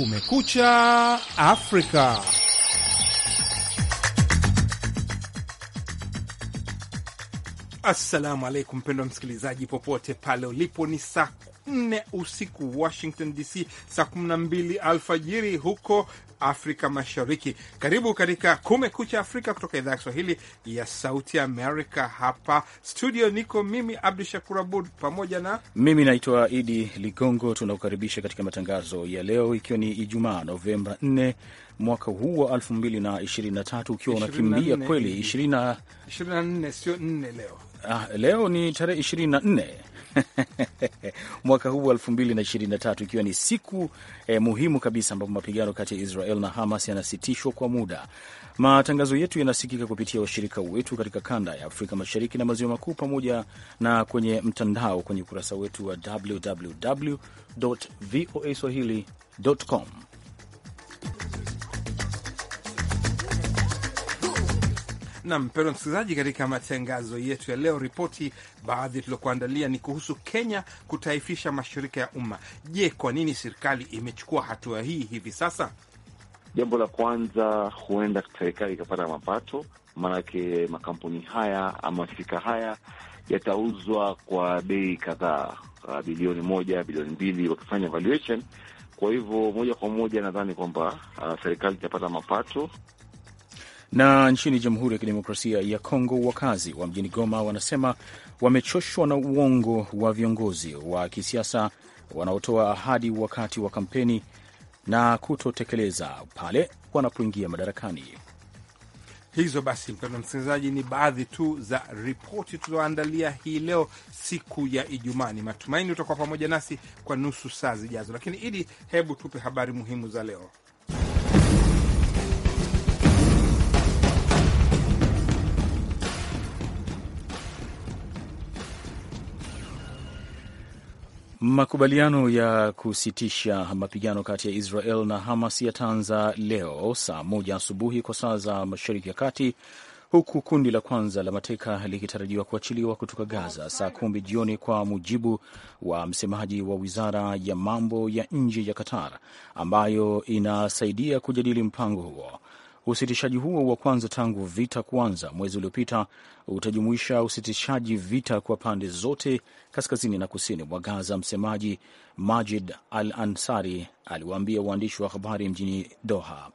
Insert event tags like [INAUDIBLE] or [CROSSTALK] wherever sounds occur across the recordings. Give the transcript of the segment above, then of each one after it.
Kumekucha Afrika. Assalamu alaikum, mpendwa msikilizaji popote pale ulipo, ni saa nne usiku Washington DC, saa 12 alfajiri huko Afrika Mashariki. Karibu katika Kumekucha Afrika kutoka idhaa ya Kiswahili ya Sauti Amerika. Hapa studio niko mimi Abdu Shakur Abud pamoja na mimi naitwa Idi Ligongo. Tunakukaribisha katika matangazo ya leo, ikiwa ni Ijumaa Novemba 4 mwaka huu wa 2023 ukiwa unakimbia kweli 24, 24 sio 4 leo. Ah, leo ni tarehe 24 [LAUGHS] mwaka huu wa tatu ikiwa ni siku eh, muhimu kabisa ambapo mapigano kati ya Israel na Hamas yanasitishwa kwa muda. Matangazo yetu yanasikika kupitia washirika wetu katika kanda ya Afrika Mashariki na Maziwa Makuu pamoja na kwenye mtandao kwenye ukurasa wetu wa www voa swahili.com. Na mpendwa msikilizaji, katika matangazo yetu ya leo, ripoti baadhi tuliokuandalia ni kuhusu Kenya kutaifisha mashirika ya umma. Je, kwa nini serikali imechukua hatua hii hivi sasa? Jambo la kwanza, huenda serikali ikapata mapato, maanake makampuni haya ama mashirika haya yatauzwa kwa bei kadhaa, ah, bilioni moja, bilioni mbili, wakifanya valuation. Kwa hivyo moja kwa moja nadhani kwamba uh, serikali itapata mapato. Na nchini Jamhuri ya Kidemokrasia ya Kongo, wakazi wa mjini Goma wanasema wamechoshwa na uongo wa viongozi wa kisiasa wanaotoa ahadi wakati wa kampeni na kutotekeleza pale wanapoingia madarakani. Hizo basi, mpendwa msikilizaji, ni baadhi tu za ripoti tulizoandalia hii leo, siku ya Ijumaa. Ni matumaini utakuwa pamoja nasi kwa nusu saa zijazo, lakini ili hebu tupe habari muhimu za leo. Makubaliano ya kusitisha mapigano kati ya Israel na Hamas yataanza leo saa moja asubuhi kwa saa za Mashariki ya Kati, huku kundi la kwanza la mateka likitarajiwa kuachiliwa kutoka Gaza saa kumi jioni, kwa mujibu wa msemaji wa wizara ya mambo ya nje ya Qatar ambayo inasaidia kujadili mpango huo. Usitishaji huo wa kwanza tangu vita kuanza mwezi uliopita utajumuisha usitishaji vita kwa pande zote kaskazini na kusini mwa Gaza. Msemaji Majid Al Ansari aliwaambia waandishi wa habari mjini Doha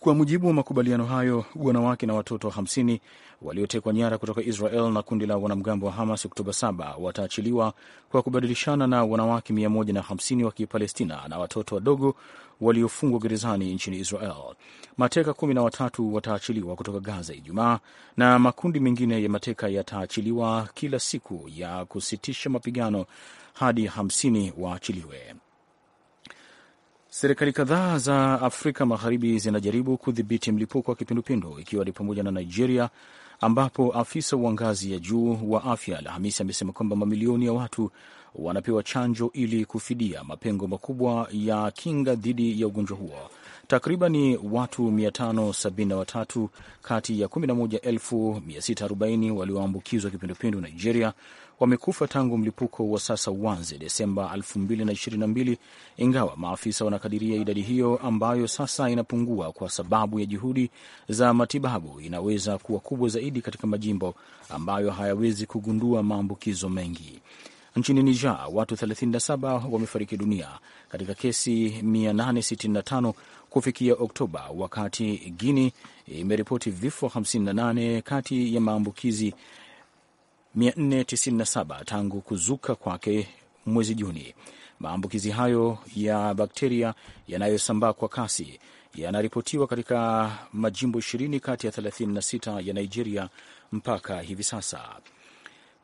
kwa mujibu wa makubaliano hayo, wanawake na watoto 50 waliotekwa nyara kutoka Israel na kundi la wanamgambo wa Hamas Oktoba 7 wataachiliwa kwa kubadilishana na wanawake 150 wa Kipalestina na watoto wadogo waliofungwa gerezani nchini Israel. Mateka kumi na watatu wataachiliwa kutoka Gaza Ijumaa, na makundi mengine ya mateka yataachiliwa kila siku ya kusitisha mapigano hadi 50 waachiliwe. Serikali kadhaa za Afrika Magharibi zinajaribu kudhibiti mlipuko wa kipindupindu ikiwa ni pamoja na Nigeria, ambapo afisa wa ngazi ya juu wa afya Alhamisi amesema kwamba mamilioni ya watu wanapewa chanjo ili kufidia mapengo makubwa ya kinga dhidi ya ugonjwa huo Takriban watu 573 kati ya 11640 walioambukizwa kipindupindu Nigeria wamekufa tangu mlipuko wa sasa uanze Desemba 2022, ingawa maafisa wanakadiria idadi hiyo ambayo sasa inapungua kwa sababu ya juhudi za matibabu inaweza kuwa kubwa zaidi katika majimbo ambayo hayawezi kugundua maambukizo mengi. Nchini Niger watu 37 wamefariki dunia katika kesi 865 kufikia Oktoba, wakati Guini imeripoti vifo 58 kati ya maambukizi 497 tangu kuzuka kwake mwezi Juni. Maambukizi hayo ya bakteria yanayosambaa kwa kasi yanaripotiwa katika majimbo 20 kati ya 36 ya Nigeria mpaka hivi sasa.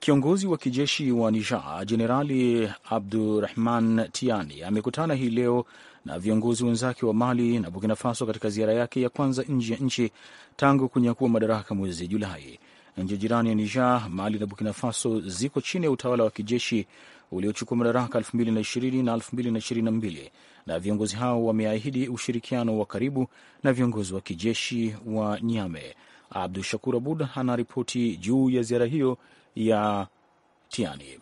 Kiongozi wa kijeshi wa Niger Jenerali Abdurahman Tiani amekutana hii leo na viongozi wenzake wa Mali na Burkina Faso katika ziara yake ya kwanza nje ya nchi tangu kunyakua madaraka mwezi Julai. Nchi jirani ya Niger, Mali na Burkina Faso ziko chini ya utawala wa kijeshi uliochukua madaraka 2020 na 2022, na viongozi hao wameahidi ushirikiano wa karibu na viongozi wa kijeshi wa Niame. Abdu Shakur Abud anaripoti juu ya ziara hiyo ya Tiani.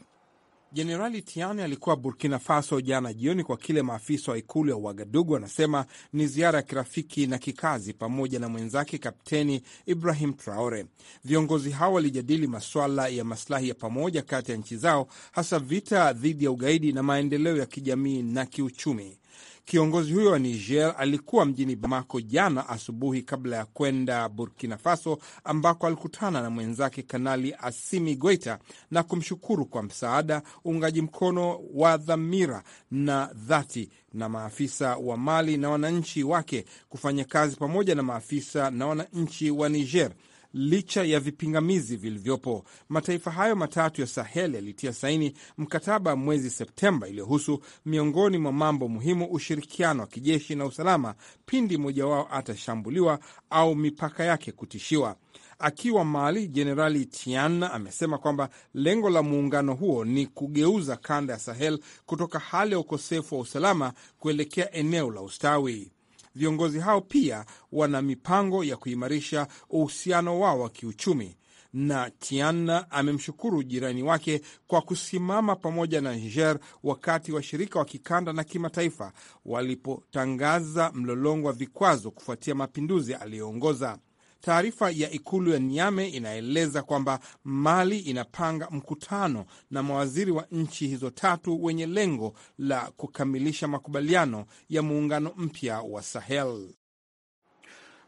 Jenerali Tiani alikuwa Burkina Faso jana jioni kwa kile maafisa wa ikulu ya Uagadugu anasema ni ziara ya kirafiki na kikazi, pamoja na mwenzake Kapteni Ibrahim Traore. Viongozi hao walijadili masuala ya maslahi ya pamoja kati ya nchi zao, hasa vita dhidi ya ugaidi na maendeleo ya kijamii na kiuchumi. Kiongozi huyo wa Niger alikuwa mjini Bamako jana asubuhi kabla ya kwenda Burkina Faso ambako alikutana na mwenzake Kanali Asimi Goita na kumshukuru kwa msaada, uungaji mkono wa dhamira na dhati na maafisa wa Mali na wananchi wake kufanya kazi pamoja na maafisa na wananchi wa Niger licha ya vipingamizi vilivyopo. Mataifa hayo matatu ya Sahel yalitia saini mkataba mwezi Septemba iliyohusu miongoni mwa mambo muhimu ushirikiano wa kijeshi na usalama pindi mmoja wao atashambuliwa au mipaka yake kutishiwa. Akiwa Mali, Jenerali tian amesema kwamba lengo la muungano huo ni kugeuza kanda ya Sahel kutoka hali ya ukosefu wa usalama kuelekea eneo la ustawi. Viongozi hao pia wana mipango ya kuimarisha uhusiano wao wa kiuchumi na tian amemshukuru jirani wake kwa kusimama pamoja na Niger wakati washirika wa kikanda na kimataifa walipotangaza mlolongo wa vikwazo kufuatia mapinduzi aliyoongoza. Taarifa ya ikulu ya Niame inaeleza kwamba Mali inapanga mkutano na mawaziri wa nchi hizo tatu wenye lengo la kukamilisha makubaliano ya muungano mpya wa Sahel.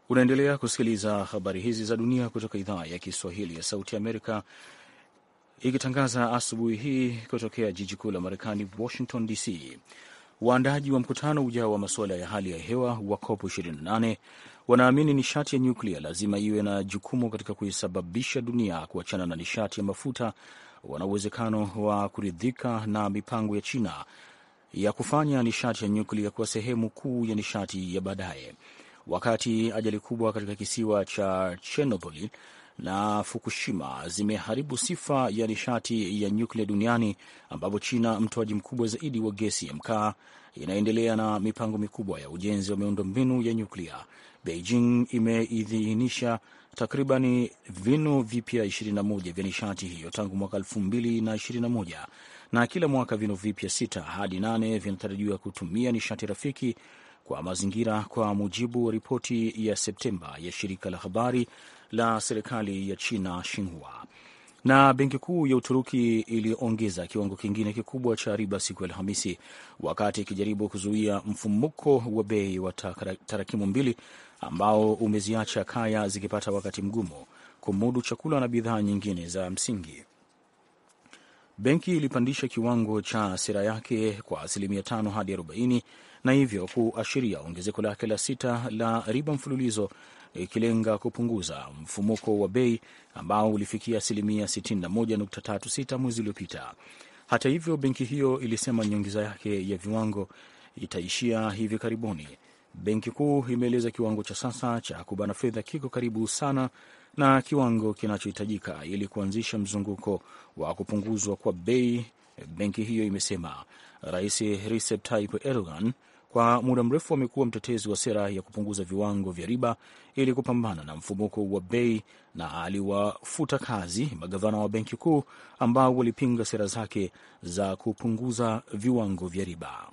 Unaendelea kusikiliza habari hizi za dunia kutoka idhaa ya Kiswahili ya Sauti Amerika, ikitangaza asubuhi hii kutokea jiji kuu la Marekani, Washington DC. Waandaji wa mkutano ujao wa masuala ya hali ya hewa wa COP 28 wanaamini nishati ya nyuklia lazima iwe na jukumu katika kuisababisha dunia kuachana na nishati ya mafuta. Wana uwezekano wa kuridhika na mipango ya China ya kufanya nishati ya nyuklia kuwa sehemu kuu ya nishati ya baadaye. Wakati ajali kubwa katika kisiwa cha Chernobyl na Fukushima zimeharibu sifa ya nishati ya nyuklia duniani, ambapo China, mtoaji mkubwa zaidi wa gesi ya mkaa, inaendelea na mipango mikubwa ya ujenzi wa miundombinu ya nyuklia. Beijing imeidhinisha takribani vinu vipya 21 vya nishati hiyo tangu mwaka 2021 na kila mwaka vinu vipya sita hadi nane vinatarajiwa kutumia nishati rafiki kwa mazingira, kwa mujibu wa ripoti ya Septemba ya shirika la habari la serikali ya China Xinhua. Na benki kuu ya Uturuki iliongeza kiwango kingine kikubwa cha riba siku ya Alhamisi wakati ikijaribu kuzuia mfumuko wa bei wa tarakimu mbili ambao umeziacha kaya zikipata wakati mgumu kumudu chakula na bidhaa nyingine za msingi. Benki ilipandisha kiwango cha sera yake kwa asilimia tano hadi arobaini na hivyo kuashiria ongezeko lake la sita la riba mfululizo ikilenga kupunguza mfumuko wa bei ambao ulifikia asilimia 61.36 mwezi uliopita. Hata hivyo, benki hiyo ilisema nyongeza yake ya viwango itaishia hivi karibuni. Benki Kuu imeeleza kiwango cha sasa cha kubana fedha kiko karibu sana na kiwango kinachohitajika ili kuanzisha mzunguko wa kupunguzwa kwa bei, benki hiyo imesema. Rais Recep Tayyip Erdogan kwa muda mrefu amekuwa mtetezi wa sera ya kupunguza viwango vya riba ili kupambana na mfumuko wa bei na aliwafuta kazi magavana wa benki kuu ambao walipinga sera zake za kupunguza viwango vya riba.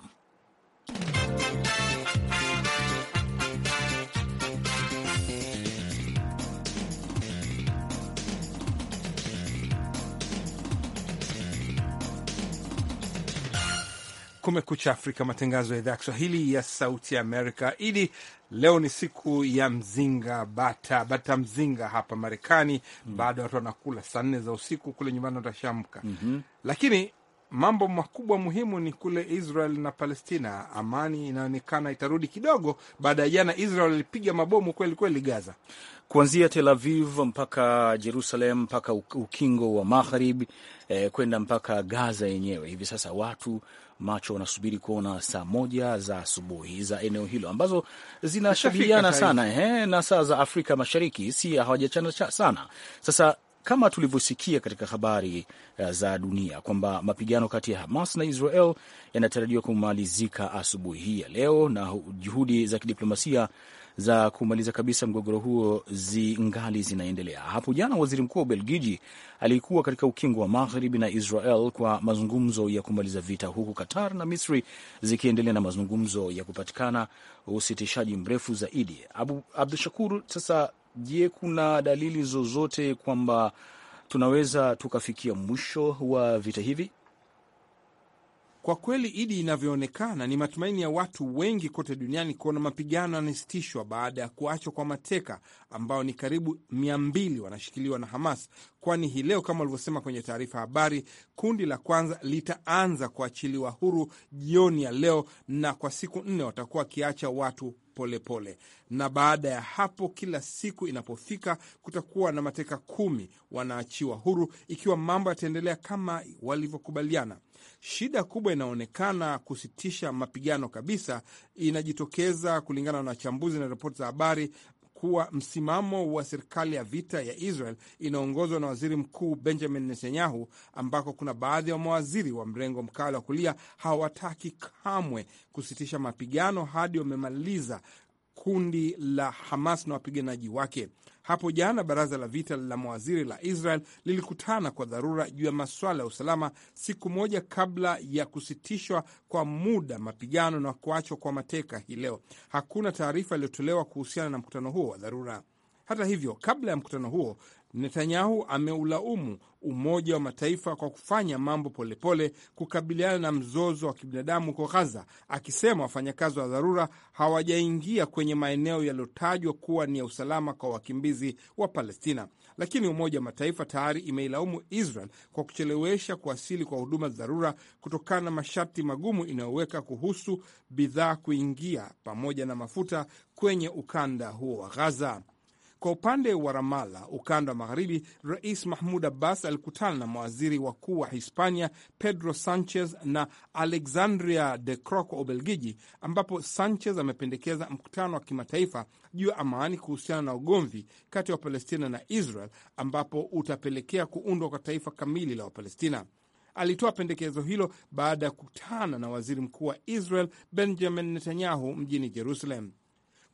Kumekucha Afrika, matangazo ya idhaa ya Kiswahili ya Sauti ya Amerika. Idi, leo ni siku ya mzinga bata bata mzinga hapa Marekani. mm. Bado watu wanakula saa nne za usiku, kule nyumbani watashamka. mm -hmm. Lakini mambo makubwa muhimu ni kule Israel na Palestina. Amani inaonekana itarudi kidogo baada ya jana. Israel ilipiga mabomu kweli kweli Gaza, kuanzia Tel Aviv mpaka Jerusalem mpaka ukingo wa Magharibi, eh, kwenda mpaka Gaza yenyewe. Hivi sasa watu macho wanasubiri kuona saa moja za asubuhi za eneo hilo ambazo zinashabihiana sana he, na saa za Afrika Mashariki si hawajachana sana. Sasa kama tulivyosikia katika habari eh, za dunia kwamba mapigano kati ya Hamas na Israel yanatarajiwa kumalizika asubuhi hii ya leo, na juhudi za kidiplomasia za kumaliza kabisa mgogoro huo zingali zinaendelea. Hapo jana waziri mkuu wa Ubelgiji alikuwa katika ukingo wa magharibi na Israel kwa mazungumzo ya kumaliza vita, huku Qatar na Misri zikiendelea na mazungumzo ya kupatikana usitishaji mrefu zaidi. Abdu Shakur, sasa je, kuna dalili zozote kwamba tunaweza tukafikia mwisho wa vita hivi? Kwa kweli, Idi, inavyoonekana ni matumaini ya watu wengi kote duniani kuona mapigano yanasitishwa baada ya kuachwa kwa mateka ambao ni karibu 200 wanashikiliwa na Hamas, kwani hii leo kama walivyosema kwenye taarifa habari, kundi la kwanza litaanza kuachiliwa huru jioni ya leo, na kwa siku nne watakuwa wakiacha watu polepole pole. Na baada ya hapo, kila siku inapofika kutakuwa na mateka kumi wanaachiwa huru, ikiwa mambo yataendelea kama walivyokubaliana. Shida kubwa inaonekana kusitisha mapigano kabisa inajitokeza kulingana na wachambuzi na ripoti za habari kuwa msimamo wa serikali ya vita ya Israel inaongozwa na waziri mkuu Benjamin Netanyahu, ambako kuna baadhi ya mawaziri wa mrengo mkali wa kulia hawataki kamwe kusitisha mapigano hadi wamemaliza kundi la Hamas na wapiganaji wake. Hapo jana baraza la vita la mawaziri la Israel lilikutana kwa dharura juu ya masuala ya usalama, siku moja kabla ya kusitishwa kwa muda mapigano na kuachwa kwa mateka. Hii leo hakuna taarifa iliyotolewa kuhusiana na mkutano huo wa dharura. Hata hivyo, kabla ya mkutano huo, Netanyahu ameulaumu Umoja wa Mataifa kwa kufanya mambo polepole kukabiliana na mzozo wa kibinadamu huko Ghaza, akisema wafanyakazi wa dharura hawajaingia kwenye maeneo yaliyotajwa kuwa ni ya usalama kwa wakimbizi wa Palestina. Lakini Umoja wa Mataifa tayari imeilaumu Israel kwa kuchelewesha kuwasili kwa huduma za dharura kutokana na masharti magumu inayoweka kuhusu bidhaa kuingia pamoja na mafuta kwenye ukanda huo wa Ghaza. Kwa upande wa Ramala, ukanda wa magharibi, Rais Mahmud Abbas alikutana na mawaziri wakuu wa Hispania Pedro Sanchez na Alexandria de Croo wa Ubelgiji, ambapo Sanchez amependekeza mkutano wa kimataifa juu ya amani kuhusiana na ugomvi kati ya Wapalestina na Israel, ambapo utapelekea kuundwa kwa taifa kamili la Wapalestina. Alitoa pendekezo hilo baada ya kukutana na waziri mkuu wa Israel Benjamin Netanyahu mjini Jerusalem.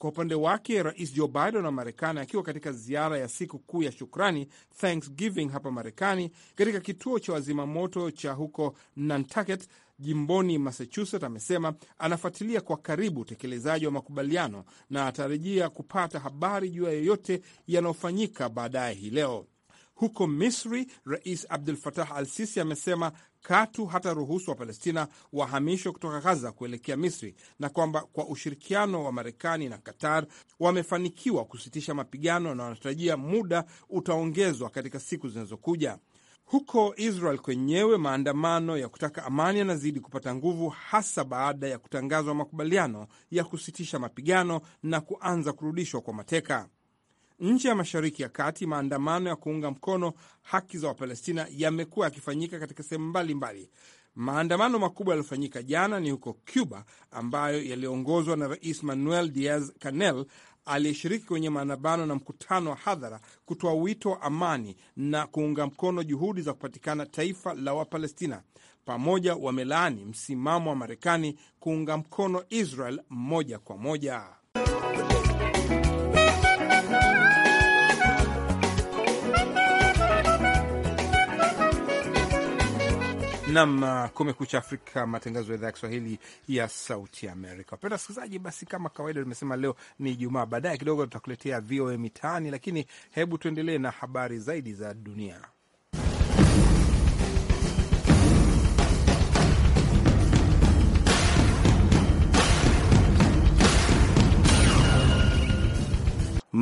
Kwa upande wake, Rais Joe Biden wa Marekani akiwa katika ziara ya siku kuu ya shukrani Thanksgiving hapa Marekani, katika kituo cha wazimamoto cha huko Nantucket jimboni Massachusetts, amesema anafuatilia kwa karibu utekelezaji wa makubaliano na atarajia kupata habari juu ya yoyote yanayofanyika baadaye hii leo. Huko Misri, Rais Abdul Fatah Al Sisi amesema katu hataruhusu Wapalestina wahamishwe kutoka Gaza kuelekea Misri na kwamba kwa ushirikiano wa Marekani na Qatar wamefanikiwa kusitisha mapigano na wanatarajia muda utaongezwa katika siku zinazokuja. Huko Israel kwenyewe maandamano ya kutaka amani yanazidi kupata nguvu, hasa baada ya kutangazwa makubaliano ya kusitisha mapigano na kuanza kurudishwa kwa mateka. Nje ya Mashariki ya Kati, maandamano ya kuunga mkono haki za Wapalestina yamekuwa yakifanyika katika sehemu mbalimbali. Maandamano makubwa yaliyofanyika jana ni huko Cuba, ambayo yaliongozwa na Rais Manuel Diaz Canel aliyeshiriki kwenye maandamano na mkutano wa hadhara kutoa wito wa amani na kuunga mkono juhudi za kupatikana taifa la Wapalestina. Pamoja wamelaani msimamo wa Marekani kuunga mkono Israel moja kwa moja. Nam uh, Kumekucha Afrika, matangazo ya idhaa ya Kiswahili ya Sauti Amerika. Wapenda wasikilizaji, basi kama kawaida, tumesema leo ni Ijumaa. Baadaye kidogo tutakuletea VOA Mitaani, lakini hebu tuendelee na habari zaidi za dunia.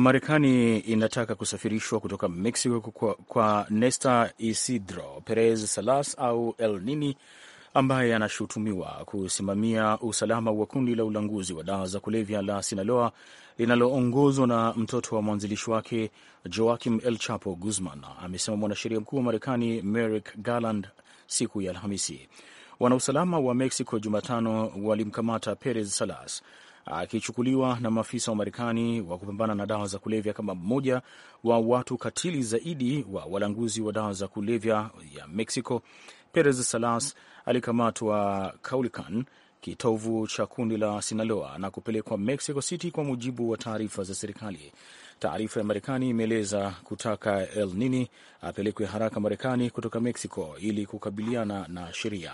Marekani inataka kusafirishwa kutoka Mexico kwa, kwa Nesta Isidro Perez Salas au El Nini ambaye anashutumiwa kusimamia usalama wa kundi la ulanguzi wa dawa za kulevya la Sinaloa linaloongozwa na mtoto wa mwanzilishi wake Joaquim El Chapo Guzman, amesema mwanasheria mkuu wa Marekani Merrick Garland siku ya Alhamisi. Wanausalama wa Mexico Jumatano walimkamata Perez Salas akichukuliwa na maafisa wa Marekani wa kupambana na dawa za kulevya kama mmoja wa watu katili zaidi wa walanguzi wa dawa za kulevya ya Mexico. Perez Salas alikamatwa Caulican, kitovu cha kundi la Sinaloa, na kupelekwa Mexico City, kwa mujibu wa taarifa za serikali. Taarifa ya Marekani imeeleza kutaka El Nini apelekwe haraka Marekani kutoka Mexico ili kukabiliana na sheria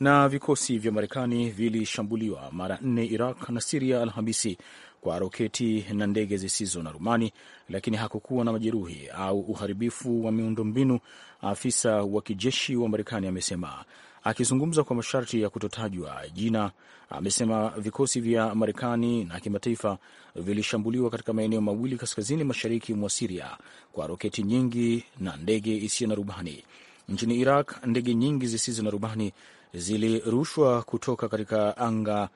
na vikosi vya Marekani vilishambuliwa mara nne Iraq na Siria Alhamisi kwa roketi na ndege zisizo na rumani, lakini hakukuwa na majeruhi au uharibifu wa miundombinu, afisa wa kijeshi wa Marekani amesema. Akizungumza kwa masharti ya kutotajwa jina, amesema vikosi vya Marekani na kimataifa vilishambuliwa katika maeneo mawili kaskazini mashariki mwa Siria kwa roketi nyingi na ndege isiyo na rubani. Nchini Iraq, ndege nyingi zisizo na rubani zilirushwa kutoka katika anga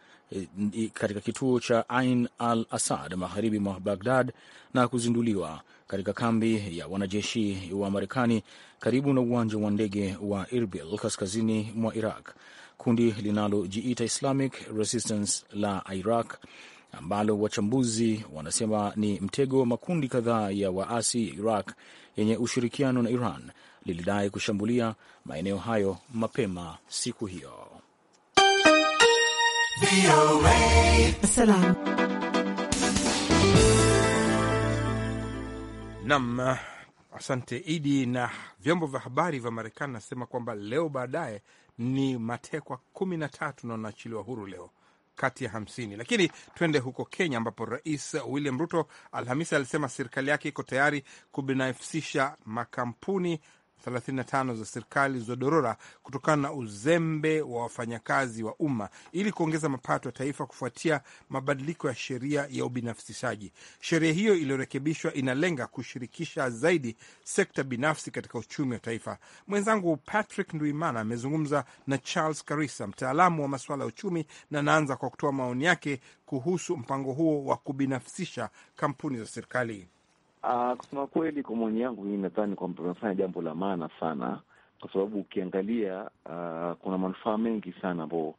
e, katika kituo cha Ain al Asad magharibi mwa Bagdad na kuzinduliwa katika kambi ya wanajeshi wa Marekani karibu na uwanja wa ndege wa irbil kaskazini mwa Iraq. Kundi linalojiita Islamic Resistance la Iraq ambalo wachambuzi wanasema ni mtego wa makundi kadhaa ya waasi ya Iraq yenye ushirikiano na Iran lilidai kushambulia maeneo hayo mapema siku hiyo. Nam, asante Idi. Na vyombo vya habari vya Marekani nasema kwamba leo baadaye ni matekwa kumi na tatu na wanaachiliwa huru leo kati ya hamsini. Lakini twende huko Kenya, ambapo Rais William Ruto Alhamisi alisema serikali yake iko tayari kubinafsisha makampuni 35 za serikali za dorora kutokana na uzembe wa wafanyakazi wa umma ili kuongeza mapato ya taifa kufuatia mabadiliko ya sheria ya ubinafsishaji. Sheria hiyo iliyorekebishwa inalenga kushirikisha zaidi sekta binafsi katika uchumi wa taifa. Mwenzangu Patrick nduimana amezungumza na Charles Karisa, mtaalamu wa masuala ya uchumi, na anaanza kwa kutoa maoni yake kuhusu mpango huo wa kubinafsisha kampuni za serikali. Uh, kusema kweli, kwa maoni yangu hii nadhani kwamba amefanya jambo la maana sana, kwa sababu ukiangalia uh, kuna manufaa mengi sana ambayo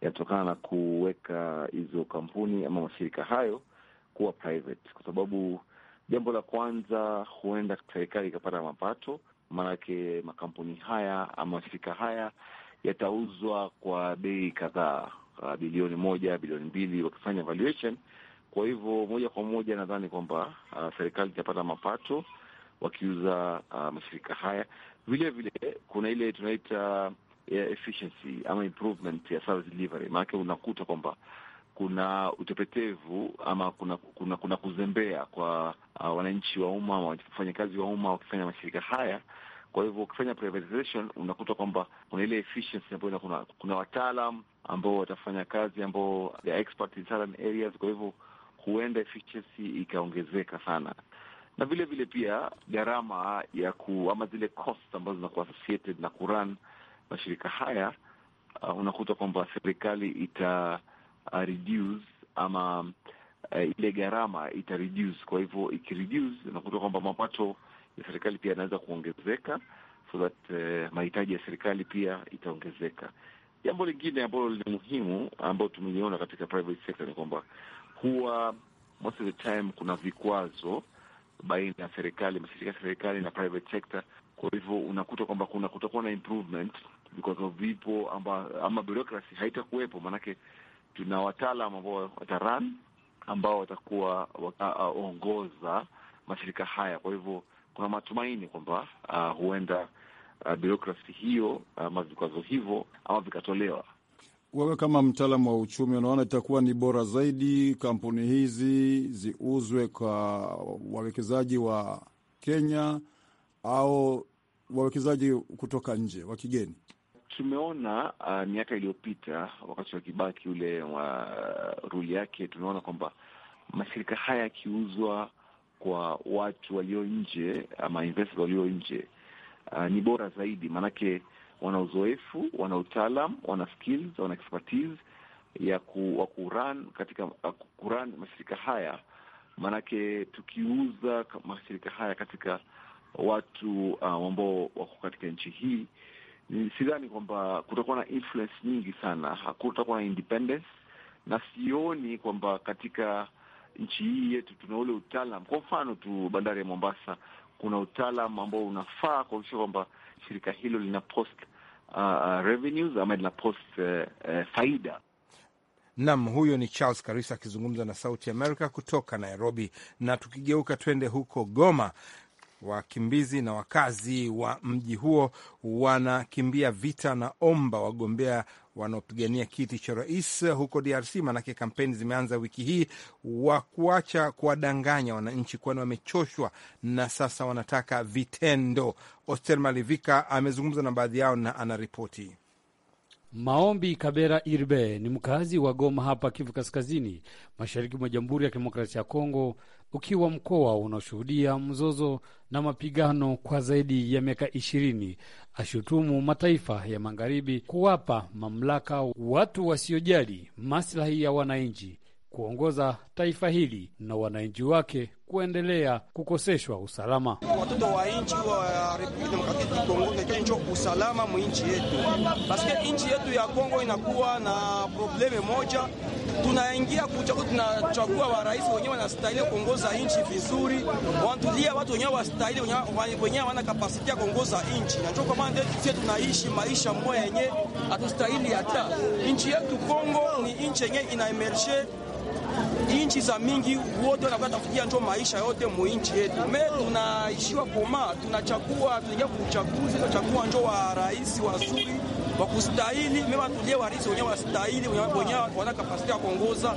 yanatokana na kuweka hizo kampuni ama mashirika hayo kuwa private, kwa sababu jambo la kwanza, huenda serikali ikapata mapato, maanake makampuni haya ama mashirika haya yatauzwa kwa bei kadhaa, uh, bilioni moja, bilioni mbili, wakifanya valuation kwa hivyo moja kwa moja nadhani kwamba uh, serikali itapata mapato wakiuza uh, mashirika haya. Vile vile kuna ile tunaita uh, efficiency ama improvement ya service delivery, maanake unakuta kwamba kuna utepetevu ama kuna kuna, kuna kuzembea kwa uh, wananchi wa umma, wafanyakazi wa umma wakifanya mashirika haya. Kwa hivyo ukifanya privatization unakuta kwamba kuna ile efficiency ambayo kuna, kuna wataalam ambao watafanya kazi ambao they are expert in certain areas, kwa hivyo huenda efficiency ikaongezeka sana, na vile vile pia gharama ya ku ama zile cost ambazo zinakuwa associated na kuran mashirika haya uh, unakuta kwamba serikali ita uh, reduce ama uh, ile gharama ita reduce. Kwa hivyo ikireduce, unakuta kwamba mapato ya serikali pia yanaweza kuongezeka so that uh, mahitaji ya serikali pia itaongezeka. Jambo lingine ambalo ni muhimu ambayo tumeliona katika private sector ni kwamba huwa most of the time kuna vikwazo baina ya serikali, mashirika ya serikali na private sector. Kwa hivyo unakuta kwamba kuna kutakuwa na improvement, vikwazo vipo ama, ama bureaucracy haitakuwepo, maanake tuna wataalam ambao watarun ambao watakuwa waongoza uh, mashirika haya. Kwa hivyo kuna matumaini kwamba uh, huenda uh, bureaucracy hiyo ama vikwazo hivyo ama vikatolewa wewe kama mtaalamu wa uchumi unaona itakuwa ni bora zaidi kampuni hizi ziuzwe kwa wawekezaji wa Kenya au wawekezaji kutoka nje wa kigeni? Tumeona uh, miaka iliyopita wakati wa Kibaki ule wa uh, ruli yake, tumeona kwamba mashirika haya yakiuzwa kwa watu walio nje ama investors walio nje, uh, ni bora zaidi maanake wana uzoefu, wana utaalam, wana skills, wana expertise ya ku, kurun katika kurun mashirika haya, maanake tukiuza mashirika haya katika watu ah, ambao wako katika nchi hii, sidhani kwamba kutakuwa na influence nyingi sana, hakutakuwa na independence, na sioni kwamba katika nchi hii yetu tuna ule utaalam. Kwa mfano tu bandari ya Mombasa, kuna utaalam ambao unafaa kuhakikisha kwamba shirika hilo lina post Uh, uh, revenues ama ina post uh, uh, faida. Nam, huyo ni Charles Karisa akizungumza na Sauti Amerika kutoka Nairobi. Na tukigeuka twende huko Goma, Wakimbizi na wakazi wa mji huo wanakimbia vita na omba wagombea wanaopigania kiti cha rais huko DRC, maanake kampeni zimeanza wiki hii, wa kuacha kuwadanganya wananchi, kwani wamechoshwa na sasa wanataka vitendo. Oster Malivika amezungumza na baadhi yao na anaripoti. Maombi Kabera Irbe ni mkazi wa Goma hapa Kivu Kaskazini, mashariki mwa Jamhuri ya Kidemokrasia ya Kongo, ukiwa mkoa unaoshuhudia mzozo na mapigano kwa zaidi ya miaka ishirini, ashutumu mataifa ya magharibi kuwapa mamlaka watu wasiojali maslahi ya wananchi kuongoza taifa hili na wananchi wake kuendelea kukoseshwa usalama. Watoto wa nchi wa Republiki Demokratiki Kongo kekenjo usalama mwinchi yetu, paske nchi yetu ya Kongo inakuwa na probleme moja. Tunaingia kuchagua, tunachagua warais wenyewe wanastahili kuongoza nchi vizuri, wanatulia watu wenyewe wastahili wenyewe hawana kapasiti ya kuongoza nchi, na ndio kwa maana sie tunaishi maisha moya yenye hatustahili. Hata nchi yetu Kongo ni nchi ina inaemerge inchi za mingi wote wanakuwa tafutia njo maisha yote muinchi yetu. Me tunaishiwa koma, tunachagua, tunaingia kuchaguzi, tunachagua njo wa rais wazuri kustahili mema, tulie warisi wenyewe wastahili wenyewe wana kapasiti ya kuongoza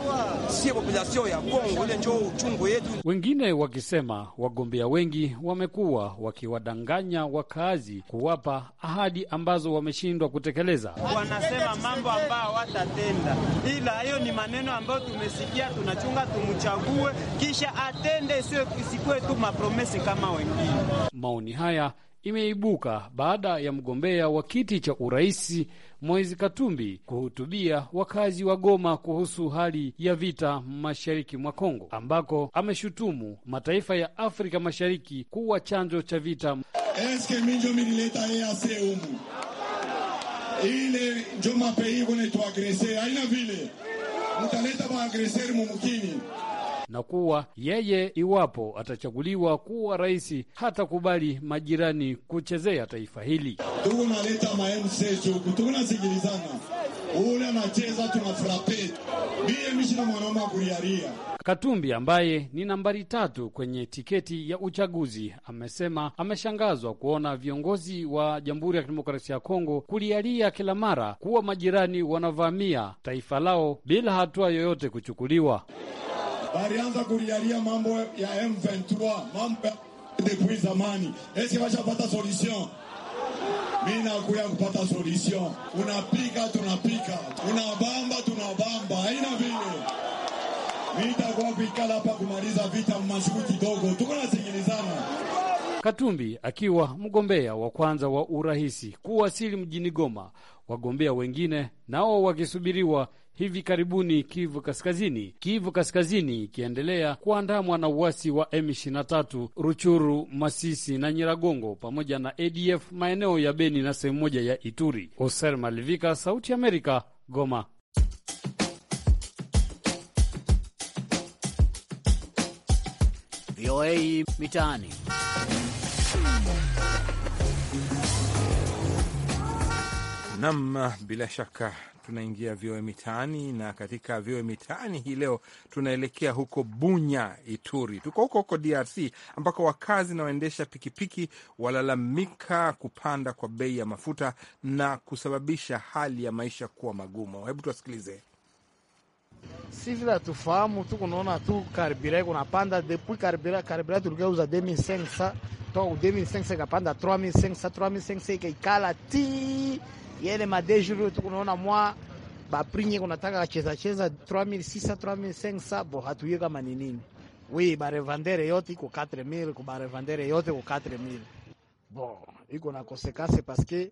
sie population ya Kongo, ile njoo uchungu yetu. Wengine wakisema wagombea wengi wamekuwa wakiwadanganya wakaazi, kuwapa ahadi ambazo wameshindwa kutekeleza. Wanasema mambo ambayo watatenda, ila hiyo ni maneno ambayo tumesikia. Tunachunga tumchague, kisha atende, sio isikuwe tu mapromesi kama wengine. Maoni haya imeibuka baada ya mgombea wa kiti cha urais Moise Katumbi kuhutubia wakazi wa Goma kuhusu hali ya vita mashariki mwa Kongo, ambako ameshutumu mataifa ya Afrika Mashariki kuwa chanzo cha vita. eske minjo minileta umu ile njo mapei aina vile mutaleta maagreseri mumukini na kuwa yeye iwapo atachaguliwa kuwa rais hatakubali majirani kuchezea taifa hili. Tuko naleta maemseso ule anacheza tunafurape biye mishi na mwanaume Katumbi ambaye ni nambari tatu kwenye tiketi ya uchaguzi amesema ameshangazwa kuona viongozi wa Jamhuri ya Kidemokrasia ya Kongo kulialia kila mara kuwa majirani wanavamia taifa lao bila hatua yoyote kuchukuliwa walianza kulialia mambo ya M23 mambo depuis zamani. Eske washapata solution? Mimi nakuya kupata solution. Unapika tunapika, unabamba tunabamba, haina vile nitakuwa kuikala hapa kumaliza vita mmasiku kidogo, tuko nasikilizana. Katumbi akiwa mgombea wa kwanza wa urahisi kuwasili mjini Goma, wagombea wengine nao wakisubiriwa hivi karibuni Kivu Kaskazini, Kivu Kaskazini ikiendelea kuandamwa na uasi wa M23 Ruchuru, Masisi na Nyiragongo pamoja na ADF maeneo ya Beni na sehemu moja ya Ituri. Oser Malivika, Sauti Amerika, Goma. VOA Mitaani. Nam, bila shaka tunaingia vyoe mitaani, na katika vyoe mitaani hii leo tunaelekea huko Bunya, Ituri. Tuko huko huko DRC ambako wakazi na waendesha pikipiki walalamika kupanda kwa bei ya mafuta na kusababisha hali ya maisha kuwa magumu. Hebu tuwasikilize. Si vile atufahamu tu kunaona tu karibira iko napanda depuis karibira karibira tulikeuza 2500 to 2500 ikapanda 3500 3500 ikaikala ti yele madejuru tukunaona mwa baprinye kunataka kacheza cheza 3600 3500 bo hatuye kama ni nini wi barevandere yote iko 4000 ku barevandere yote ku 4000 bo iko na kosekase paske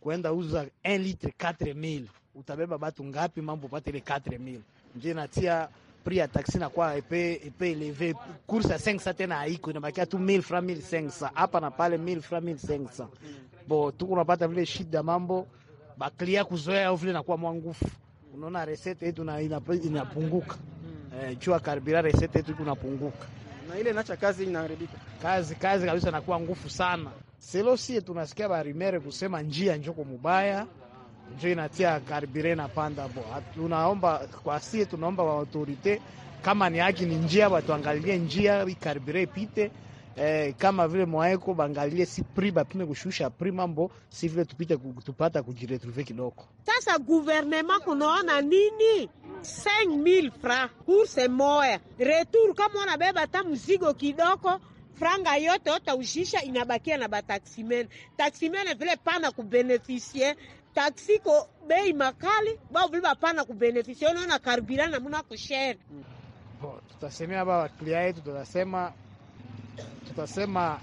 kwenda uza 1 litre 4000 utabeba batu ngapi? Mambo pate ile 4000 nje natia prix ya taxi na kwa epe epe eleve course ya 500 tena haiko inabakia tu 1000 fra 1500 hapa na pale 1000 fra 1500 bo tuko unapata vile shida mambo baklia kuzoea au vile nakuwa mwangufu, unaona resete yetu inapunguka ina hmm. E, eh, chua karibira resete yetu inapunguka na ile nacha kazi inaharibika, kazi kazi kabisa nakuwa ngufu sana. Selosie tunasikia barimere kusema njia njoko mubaya njo inatia karibire na panda bo. Tunaomba kwa sie, tunaomba wa autorite kama ni haki ni njia, watuangalie njia ikaribire ipite eh, kama vile mwaeko bangalie si pri bapime kushusha pri mambo si vile tupite kutupata kujiretrouve kidogo. Sasa guvernema kunaona nini? 5000 francs course moya retour, kama unabeba hata mzigo kidogo franga yote otaushisha inabakia na bataksimene. Taksimene vile pana kubenefisie taksiko bei makali bao vile bapana kubenefisie, unaona karibirana muna kushare. Tutasemea ba waklia yetu, tutasema tutasema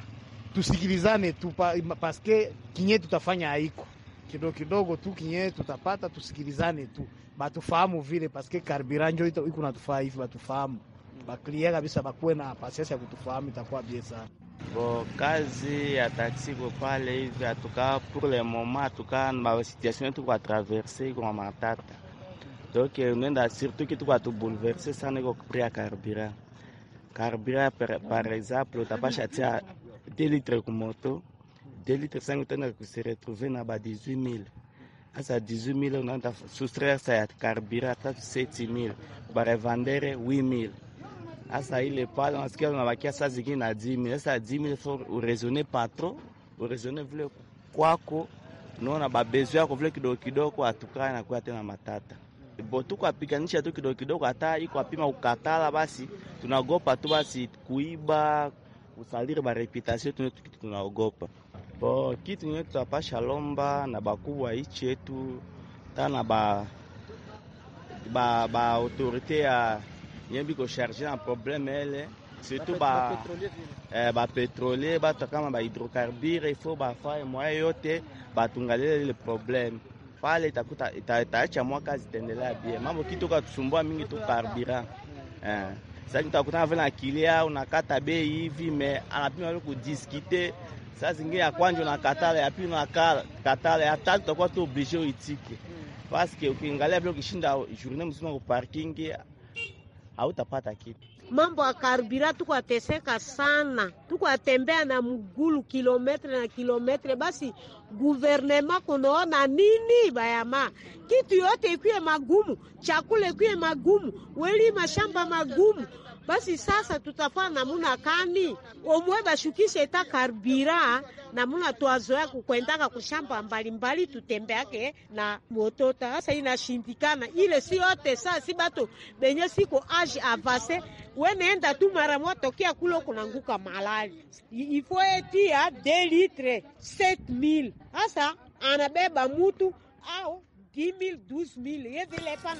tusikilizane tu paske kinye tutafanya haiko kidogo kidogo tu kinye tutapata, tusikilizane tu batufahamu vile, paske karbiranjo iko natufaa hivi, batufahamu baklia kabisa, bakuwe na pasiasi ya kutufahamu, itakuwa bie sana. Bo kazi ya taksi ko pale hivi atukaa pour le moment atukaa na situation yetu kwa traverse kwa matata donc nenda surtout kitu kwa tu bouleverser sana kwa kupria carburant Karibira par exemple, utapasha tia 2 litre kumoto 2 litre sangu, tena kusiretrouve na ba 18000 hasa 18000 unaenda soustraire sa ya karibira tatu 7000 barevandere 8000 hasa ile pale unasikia unabakia saa zingine na 10000 hasa 10000 fo uresone patro uresone vile kwako, unaona babezo yako vile kidogo kidogo, atukana na kuwa tena matata bo, apiganisha tu kidogo kidogo, hata iko apima ukatala basi tunaogopa tu basi kuiba kusaliri bareputation tunetukitu tunaogopa bo kitu nye tutapasha lomba na bakubwa ichi yetu tana ba ba ba autorité ya yembiko charge na problème ele surtout ba eh, ba pétrolier bato kama ba hydrocarbure il faut bafaye moya yote batungalile ile problème pale itakuta itaacha ita, ita, mwaka zitendelea bie mambo kitoka tusumbua mingi tu karbira eh. Sasa utakutana vile na kilia unakata bei hivi me anapima kudiskite sasa zingine ya kwanja unakatala, ya pili unakatala, ya tatu utakuwa tu oblige uitike. Parce que ukiangalia vile ukishinda journée mzima kwa parking hautapata kitu mambo ya karbira tukwateseka sana, tukuatembea na mgulu kilometre na kilometre. Basi guvernema kunaona nini bayama, kitu yote ikwiye magumu, chakula ikwiye magumu, weli mashamba magumu basi sasa tutafaa namuna kani omwe bashukishe eta karbira namuna twazoya kukwendaka kushamba mbalimbali tutembeake na motota. Sasa inashindikana ile, si yote saa si bato benye siko age avase weneenda tu mara moja tokea kulo kunanguka malali ifo etia de litre 7000 hasa anabeba mutu au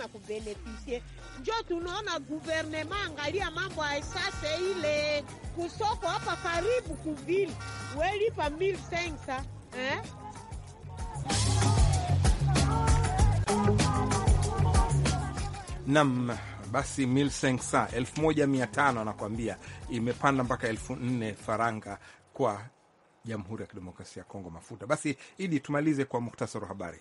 kubenefisie. Njo tunaona guvernema angalia mambo ya ile kusoko hapa karibu kuvili welipa 1500 eh? Nam basi milsensa elfu moja mia tano anakuambia imepanda mpaka elfu nne faranga kwa Jamhuri ya Kidemokrasia ya Kongo mafuta. Basi Idi, tumalize kwa muktasari wa habari.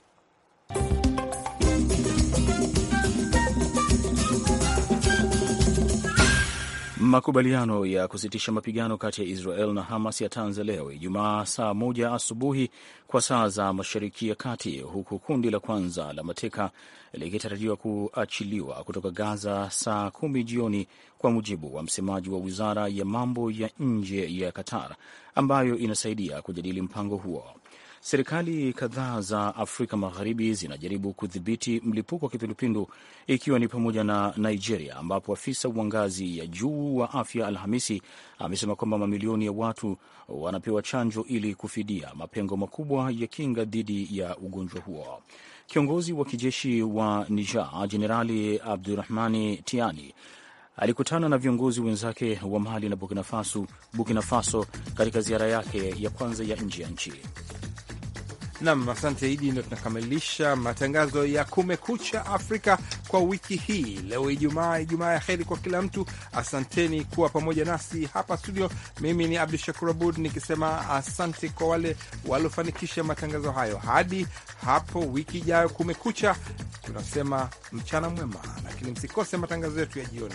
Makubaliano ya kusitisha mapigano kati ya Israel na Hamas yataanza leo Ijumaa saa moja asubuhi kwa saa za Mashariki ya Kati, huku kundi la kwanza la mateka likitarajiwa kuachiliwa kutoka Gaza saa kumi jioni, kwa mujibu wa msemaji wa wizara ya mambo ya nje ya Qatar ambayo inasaidia kujadili mpango huo. Serikali kadhaa za Afrika Magharibi zinajaribu kudhibiti mlipuko wa kipindupindu ikiwa ni pamoja na Nigeria, ambapo afisa wa ngazi ya juu wa afya Alhamisi amesema kwamba mamilioni ya watu wanapewa chanjo ili kufidia mapengo makubwa ya kinga dhidi ya ugonjwa huo. Kiongozi wa kijeshi wa Niger Jenerali Abdurahmani Tiani alikutana na viongozi wenzake wa Mali na Burkina Faso, Burkina Faso katika ziara yake ya kwanza ya nje ya nchi. Nam, asante Idi. Ndo tunakamilisha matangazo ya Kumekucha Afrika kwa wiki hii leo Ijumaa. Ijumaa ya heri kwa kila mtu, asanteni kuwa pamoja nasi hapa studio. Mimi ni Abdu Shakur Abud nikisema asante kwa wale waliofanikisha matangazo hayo. Hadi hapo wiki ijayo, Kumekucha tunasema mchana mwema, lakini msikose matangazo yetu ya jioni.